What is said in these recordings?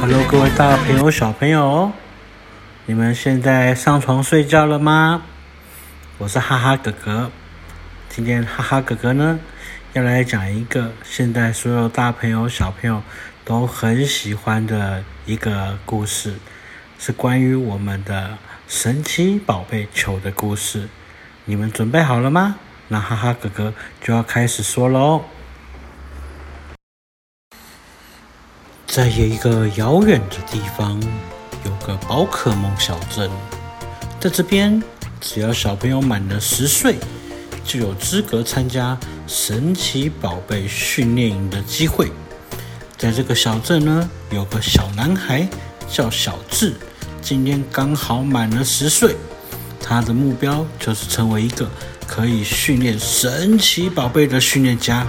Hello，各位大朋友、小朋友，你們現在上床睡覺了嗎？我是哈哈哥哥，今天哈哈哥哥呢，要來講一個現在所有大朋友、小朋友都很喜歡的一個故事，是關於我們的神奇寶貝球的故事。你們準備好了嗎？那哈哈哥哥就要開始說了哦。在一個遙遠的地方，有個寶可夢小鎮。在這邊，只要小朋友滿了十歲。就有資格參加神奇寶貝訓練營的機會。在這個小鎮呢，有個小男孩叫小智，今天剛好滿了十歲。他的目標就是成為一個可以訓練神奇寶貝的訓練家。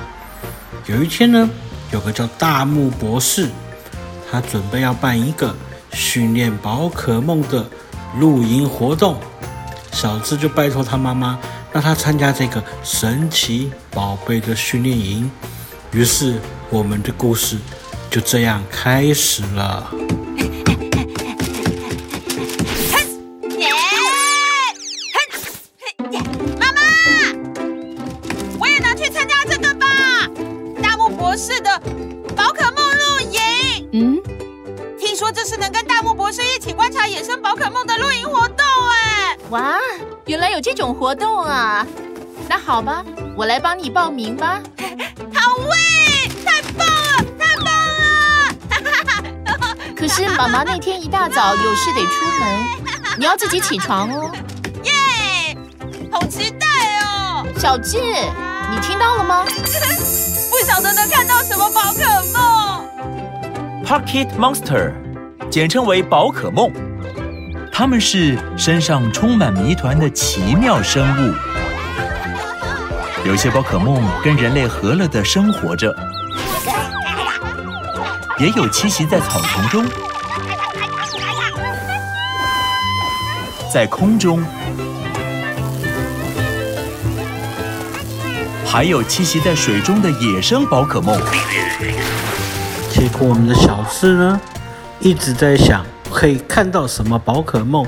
有一天呢，有個叫大木博士，他準備要辦一個訓練寶可夢的露營活動。小智就拜托他媽媽。讓他參加這個神奇寶貝的訓練營，於是我們的故事就這樣開始了。哼，媽媽，我也能去參加這個吧？大木博士的寶可夢露營。嗯，聽說這是能跟大木博士一起觀察野生寶可夢的露營活動哎、啊。哇，原來有這種活動啊！那好吧，我來幫你報名吧。好位，位太棒了，太棒了！ 可是媽媽那天一大早有事得出門，Bye. 你要自己起床哦。耶，Yeah, 好期待哦！小智，你聽到了嗎？ 不曉得能看到什麼寶可夢。Pocket Monster，簡稱為寶可夢。他們是身上充滿謎團的奇妙生物，有些寶可夢跟人類和樂的生活着，也有棲息在草叢中，在空中，還有棲息在水中的野生寶可夢。結果我們的小智呢，一直在想。可以看到什麼寶可夢，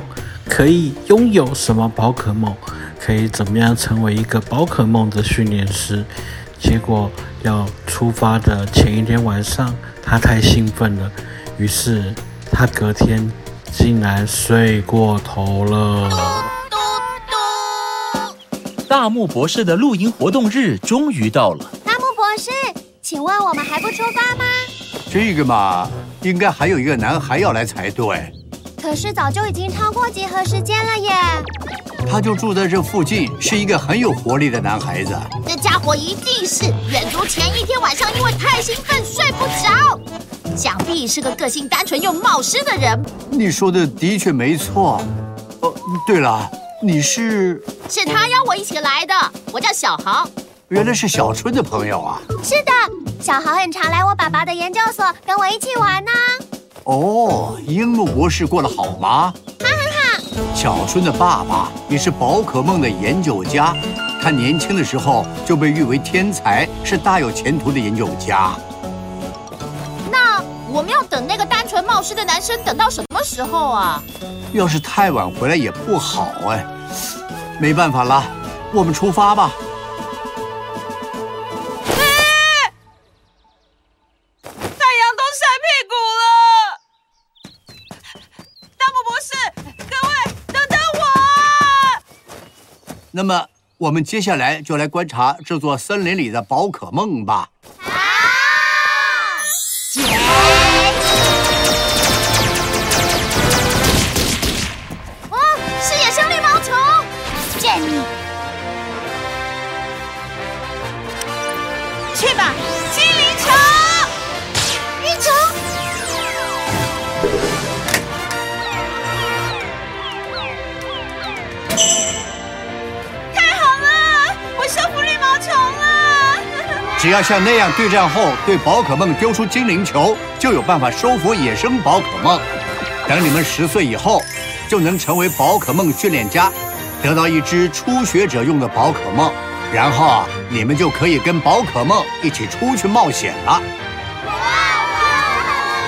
可以擁有什麼寶可夢，可以怎麼樣成為一個寶可夢的訓練師？結果要出發的前一天晚上，他太興奮了，於是他隔天竟然睡過頭了。嘟嘟嘟，大木博士的露營活動日終於到了。大木博士，請問我們還不出發嗎？這個嘛。應該還有一個男孩要來才對，可是早就已經超過集合時間了耶。他就住在這附近，是一個很有活力的男孩子。這家伙一定是遠足前一天晚上因為太興奮睡不着，想必是個個性單純又冒失的人。你說的的確沒錯。哦，對了，你是？是他邀我一起來的，我叫小豪。原來是小春的朋友啊。是的。小豪很常來我爸爸的研究所跟我一起玩呢。哦，櫻木博士過得好嗎？他很好。小春的爸爸也是寶可夢的研究家，他年輕的時候就被譽為天才，是大有前途的研究家。那我們要等那個單純冒失的男生等到什麼時候啊？要是太晚回來也不好哎，沒辦法了，我們出發吧。那麼，我們接下來就來觀察這座森林裡的寶可夢吧。只要像那樣對戰後對寶可夢丟出精靈球，就有辦法收服野生寶可夢。等你們十歲以後，就能成為寶可夢訓練家，得到一隻初學者用的寶可夢，然後啊，你們就可以跟寶可夢一起出去冒險了。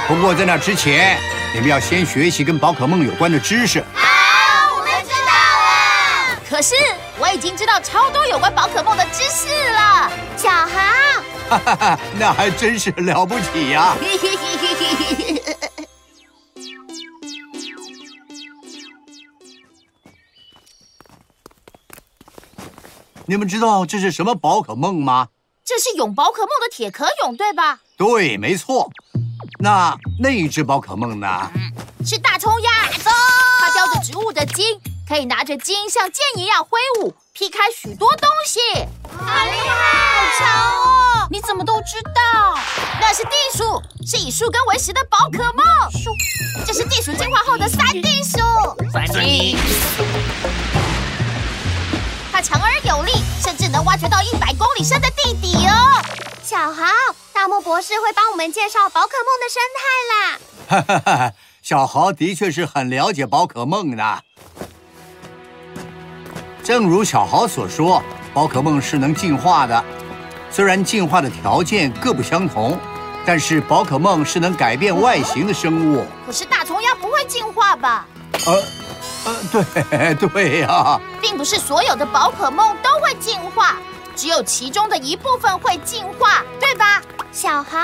不過在那之前，你們要先學習跟寶可夢有關的知識。好、啊，我們知道了。可是我已經知道超多有關寶可夢的知識了，小孩。哈哈哈， 那還真是了不起呀！啊！你們知道這是什麼寶可夢嗎？這是蛹寶可夢的鐵殼蛹，對吧？對，沒錯。那那一只寶可夢呢？是大蔥鴨！它叼着植物的莖，可以拿着莖像劍一樣揮舞，劈開許多東西。好厲害，好強哦！你怎麼都知道？那是地鼠，是以樹根為食的寶可夢。這是地鼠進化後的三地鼠，它地強而有力，甚至能挖掘到一百公里深的地底哦。小豪，大木博士會幫我們介紹寶可夢的生態啦。哈哈哈，小豪的確是很了解寶可夢的。正如小豪所說，寶可夢是能進化的。雖然進化的條件各不相同，但是寶可夢是能改變外形的生物。可是大蟲牙不會進化吧？呃、呃、對對呀、啊，並不是所有的寶可夢都會進化，只有其中的一部分會進化，對吧，小豪？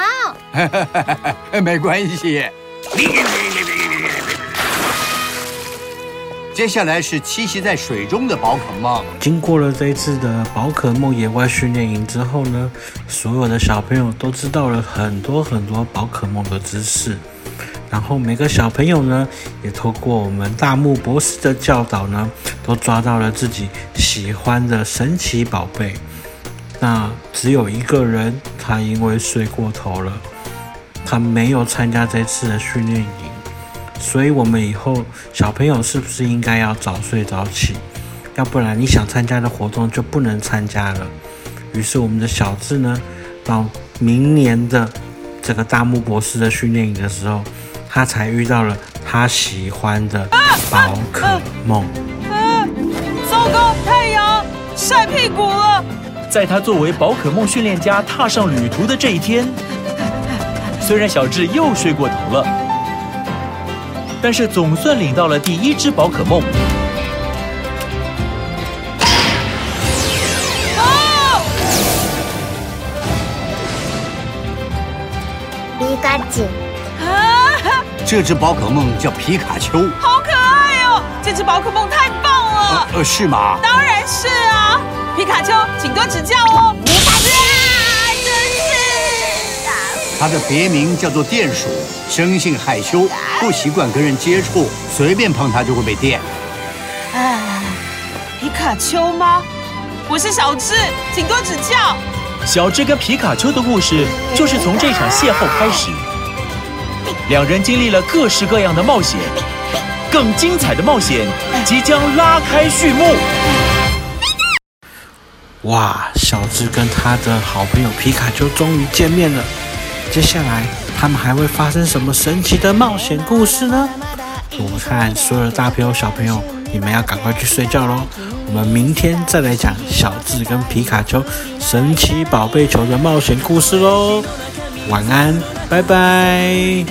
沒關係。接下來是棲息在水中的寶可夢。經過了這次的寶可夢野外訓練營之後呢，所有的小朋友都知道了很多很多寶可夢的知識。然後每個小朋友呢，也透過我們大木博士的教導呢，都抓到了自己喜歡的神奇寶貝。那只有一個人，他因為睡過頭了，他沒有參加這次的訓練營。所以，我們以後小朋友是不是應該要早睡早起？要不然你想參加的活動就不能參加了。於是，我們的小智呢，到明年的這個大木博士的訓練營的時候，他才遇到了他喜歡的寶可夢。糟糕，太陽曬屁股了！在他作為寶可夢訓練家踏上旅途的這一天，雖然小智又睡過頭了。但是總算領到了第一隻寶可夢。哦！皮卡丘！啊！這隻寶可夢叫皮卡丘，好可愛哦！這隻寶可夢太棒了。呃，啊，是嗎？當然是啊！皮卡丘，請多指教哦。他的別名叫做電鼠，生性害羞，不習慣跟人接觸，隨便碰他就會被電。啊。皮卡丘嗎？我是小智，請多指教。小智跟皮卡丘的故事就是從這場邂逅開始，兩人經歷了各式各樣的冒險，更精彩的冒險即將拉開序幕。哇，小智跟他的好朋友皮卡丘終於見面了。接下來他們還會發生什麼神奇的冒險故事呢？我看所有的大朋友小朋友，你們要趕快去睡覺咯。我們明天再來講小智跟皮卡丘、神奇寶貝球的冒險故事咯。晚安，拜拜。